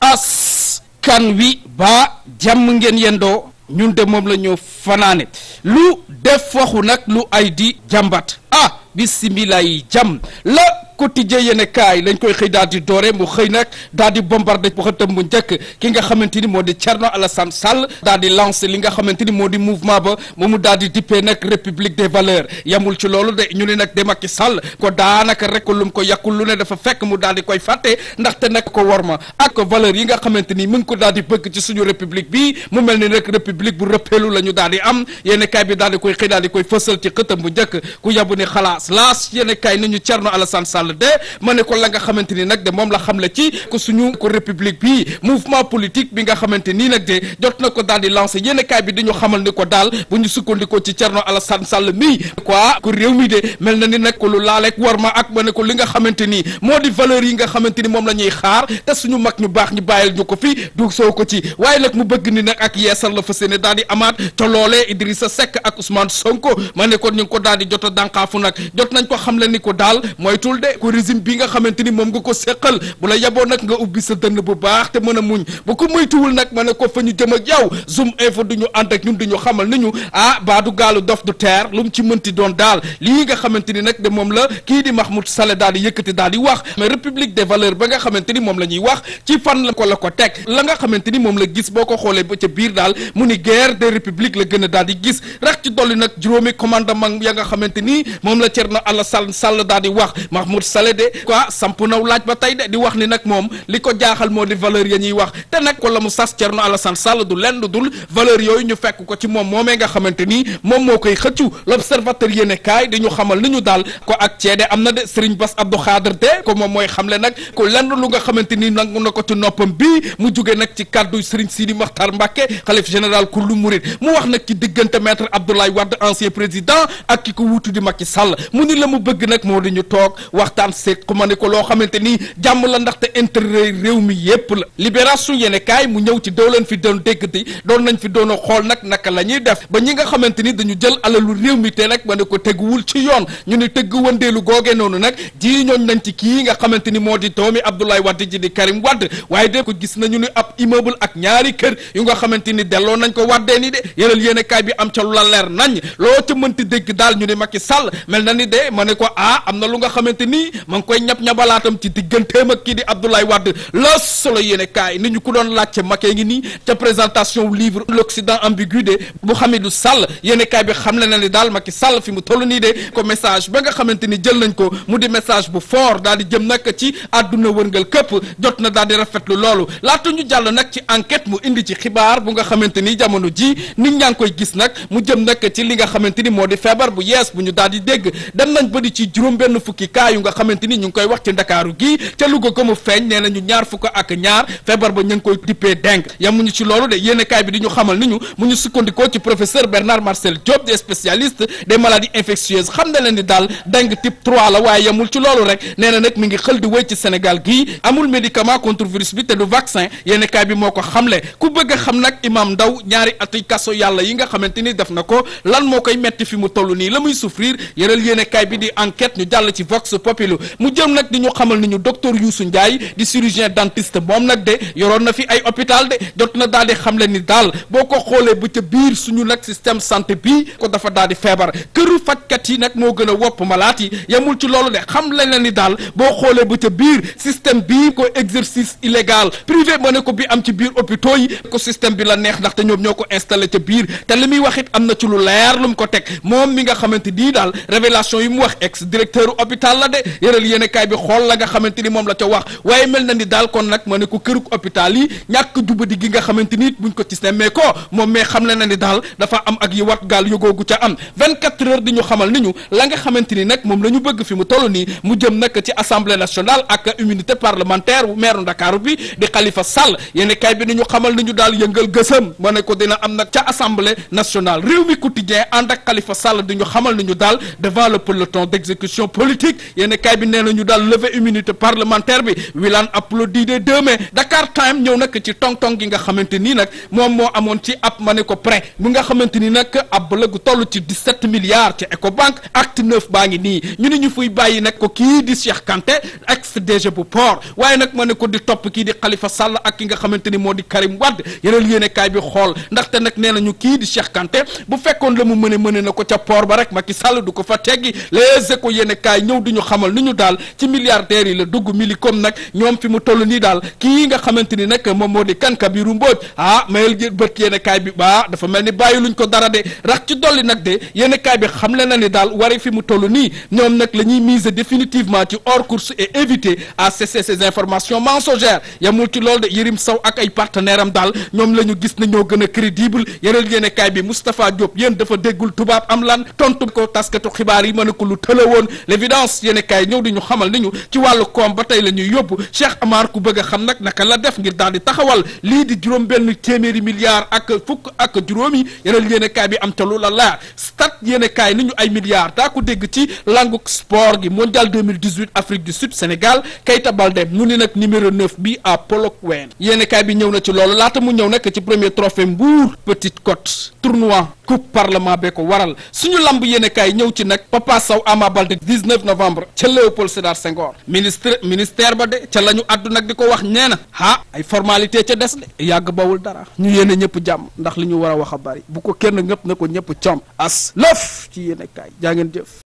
askan wi ba jàmm ngeen yendoo ñun de moom la ñoo fanaane lu def waxu nag lu ay di jàmbat ah bisimilah yi jàmm la quotidien yéen kaay lañ koy xëy daal di doore mu xëy nag daal di bombardé bu xëtam bu njëkk ki nga xamante ni moo di Thierno Alassane Sall daal di lancé li nga xamante ni moo di mouvement ba moo mu daal di dippee nag république des valeurs yamul ci loolu de ñu ne nag de Macky Sall ko daanaka rek lu mu ko yàqul lu ne dafa fekk mu daal di koy fàtte ndaxte nag ko war ma ak valeur yi nga xamante ni mu ngi ko daal di bëgg ci suñu république bi mu mel ni nag république bu la ñu daal di am yéen kaay bi koy xëy daal di koy fësal ci xëtam bu njëkk ku yabu ne xalaas laas yéen kaay Sall Sall de ma ne ko la nga xamante ni nag de moom la xam la ci ko suñu ko république bi mouvement politique bi nga xamante nii nag de jot na ko daal di lancé yéen kaay bi dañu xamal ni ko daal bu ñu sukkandikoo ci Thierno Alassane Sall mii quoi ko mi de mel na ni nag ko lu laaleeg war ma ak ma ne ko li nga xamante ni moo di valeurs yi nga xamante ni moom la ñuy xaar te suñu mag ñu baax ñu bàyyil ñu ko fi du soo ko ci waaye nag mu bëgg ni nag ak yeesal la fa seene daal di amaat te loolee Idrissa Seck ak Ousmane Sonko ma ne ko ñu ngi ko daal di jot a dànkaafu nag jot nañ ko xam ni ko daal moytul de ko régime bi nga xamante ni moom nga ko seqal bu la yaboo nag nga ubbi sa dënn bu baax te mën a muñ bu ko moytuwul nag ma ne ko fa ñu jëm ak yow zoom info du ñu ànd ak ñun du ñu xamal ni ñu ah baa du gaalu dof du teer lu mu ci mënti doon daal lii nga xamante ni nag de moom la kii di Mahmoud Saleh daal di yëkkati daal di wax mais république de valeurs ba nga xamante ni moom la wax ci fan la ko la ko la nga xamante ni moom la gis boo ko xoolee ba ca biir daal mu ni guerre des républiques la gën a daal di gis rax ci dolli nag juróomi commandement ya nga xamante ni moom la Thierno Alassane Sall daal di wax Mahmoud Sall de quoi samp naw laaj ba tey de di wax ni nag moom li ko jaaxal moo di valeur ya ñuy wax te nag la mu sas Thierno Alassane Sall du lenn dul valeur yooyu ñu fekk ko ci moom moomee nga xamante ni moom moo koy xëccu l'observateur yéene kaay di ñu xamal ni ñu daal ko ak ceede am na de Serigne Bass Abdou Khadre de ko moom mooy xamle nag ko lenn lu nga xamante ni nangu na ko ci noppam bii mu jugee nag ci kàddu Serigne Sidi Makhtar Mbacké xalif général Kourlou Mouride mu wax nag ci diggante maître Abdoulaye Wade président ak ki ko wuutu di Macky Sall mu ni la mu bëgg nag moo di ñu toog wax waxtaan seet ku ma ne ko loo xamante ni jàmm la ndaxte intérêt réew mi yépp la libération yéene kaay mu ñëw ci doo leen fi doon dégg di doon nañ fi doon a xool nag naka la ñuy def ba ñi nga xamante ni dañu jël alalu réew mi te nag ma ne ko teguwul ci yoon ñu ne tëgg wëndeelu googe noonu nag ji ñooñ nañ ci kii nga xamante ni moo di doomi Abdoulaye Wade ji di Karim Wade waaye de ko gis nañu ni ab immeuble ak ñaari kër yu nga xamante ni delloo nañ ko waddee ni de yëlal yéene bi am ca la leer nañ loo ca mënti dégg ma ne ko ah am na nii ma ngi koy ñab ñabalaatam ci digganteem ak kii di Abdoulaye Wade la solo yéene kaay ni ñu ko doon laajte makee ngi nii ca présentation livre l'Occident ambigu de Mouhamidou Sall yéene kaay bi xam le na ni daal Macky Sall fi mu toll nii de ko message ba nga xamante ni jël nañ ko mu di message bu foor daal di jëm nag ci àdduna wërngal këpp jot na daal di rafetlu loolu laata ñu jàll nag ci enquête mu indi ci xibaar bu nga xamante ni jamono ji nit ñaa ngi koy gis nag mu jëm nag ci li nga xamante ni moo di feebar bu yees bu ñu daal di dégg dem nañ ba di ci juróom benn fukki nga xamante ni ñu ngi koy wax ci ndakaaru gii ca Louga ko mu feeñ nee ñu ñaar fukk ak ñaar feebar ba ñu ngi koy dippee dengue yamuñu ci loolu de yéenekaay bi di ñu xamal ni ñu ci professeur Bernard Marcel Diop des spécialistes des maladies infectieuses xam na leen ni daal dengue type 3 la waaye yamul ci loolu rek nee na ngi xël di wéy ci Sénégal gii amul médicament contre bi te du vaccin yéenekaay bi moo ko xamle ku bëgg a xam nag Imam Ndaw ñaari atuy kaso yàlla yi nga xamante ni def na ko lan moo koy metti fi mu toll nii la muy souffrir yëral yéenekaay bi di enquête ñu jàll ci vox pop noppilu mu jëm nag di ñu xamal ni ñu docteur Youssou Ndiaye di chirurgien dentiste moom nag de yoroon na fi ay hôpital de jot na daal di xam le ni daal boo ko xoolee ba ca biir suñu nag système santé bi ko dafa daal di feebar këru fajkat yi nag moo gën a wopp malaat yi yemul ci loolu de xam lañ la ni daal boo xoolee ba ca biir système bii ko exercice illégal privé ma ne ko bi am ci biir hôpitaux yi ko système bi la neex ndaxte ñoom ñoo ko installé ca biir te li muy wax it am na ci ko teg moom mi nga xamante nii daal révélation mu wax ex directeur hôpital yëral yéen bi xool la nga xamante ni moom la ca wax waaye mel na ni daal kon nag ma ne ko këruk hôpital yi ñàkk jubadi gi nga xamante ni buñ ko cis ne mais ko moom mais xam ne na ni daal dafa am ak yi wat gaal yogoogu ca am 24 heures di ñu xamal ni ñu la nga xamante ni nag moom la ñu bëgg fi mu toll nii mu jëm nag ci assemblée nationale ak immunité parlementaire maire ndakaaru bi di xalifa Sall yéen bi ni ñu xamal ni ñu daal yëngal gësam ma ko dina am nag ca assemblée nationale réew mi quotidien ànd ak Khalifa Sall di xamal ni ñu daal devant le peloton d'exécution politique yéen kaay bi nee na ñu daal lever immunité parlementaire bi Wilane applaudi des deux mains Dakar Time ñëw nag ci tong-tong gi nga xamante nii nag moom moo amoon ci ab ma ne ko prêt mu nga xamante ni nag ab la toll ci 17 milliards ci Ecobank acte neuf baa ngi nii ñu ne ñu fuy bàyyi nag ko kii di Cheikh Kanté ex DG bu port waaye nag ma ne ko di topp kii di xalifa Sall ak ki nga xamante ni moo di Karim Wade yeneen yéene kaay bi xool ndaxte nag nee nañu kii di Cheikh Kanté bu fekkoon la mu mëne mëne na ko ca port ba rek Macky Sall du ko fa teggi les échos yéene kaay ñëw di daal ni ñu daal ci milliardaires yi la dugg mili comme nag ñoom fi mu toll nii daal kii nga xamante ni nag moom moo di kan Kabiru Mbooj ah mayel bët yéen kaay bi ba dafa mel ni bàyyi luñ ko dara de rax ci dolli nag de yéen kaay bi xam le na ni daal wari fi mu toll nii ñoom nag la ñuy miser définitivement ci hors course et éviter à cesser ces informations mensongères yamul ci loolu de Yërim Saw ak ay partenaire am daal ñoom la ñu gis na ñoo gën a crédible yëral yéen kaay bi Moustapha Diop yéen dafa déggul tubaab am lan tontu ko taskatu xibaar yi mën a ko lu tëla yi ñëw di ñu xamal ni ñu ci wàllu koom ba tey la ñuy yóbbu Cheikh Amar ku bëgg a xam nag naka la def ngir daal di taxawal lii di juróom benn téeméeri milliards ak fukk ak juróomi yeneen yéenekaay bi am te lu la laar stat yéenekaay ni ñu ay milliards daa ko dégg ci langu sport gi mondial 2018 Afrique du Sud Sénégal Keita Baldé mu ni nag numéro 9 bi à Polokwane yéenekaay bi ñëw na ci loolu laata mu ñëw nag ci premier trophée Mbour Petite Côte tournoi coupe parlement bee ko waral suñu lamb yéenekaay ñëw ci nag Papa Sow Ama Baldé 19 novembre ca Léopold Sédar Senghor ministre ministère ba de ca la ñu di ko wax nee ah ay formalité ca des de yàgg bawul dara ñu yéene ñëpp jàmm ndax li ñu war a a bari bu ko kenn ñëpp na ko ñëpp coom as lëf ci yéenekaay jaa ngeen jëf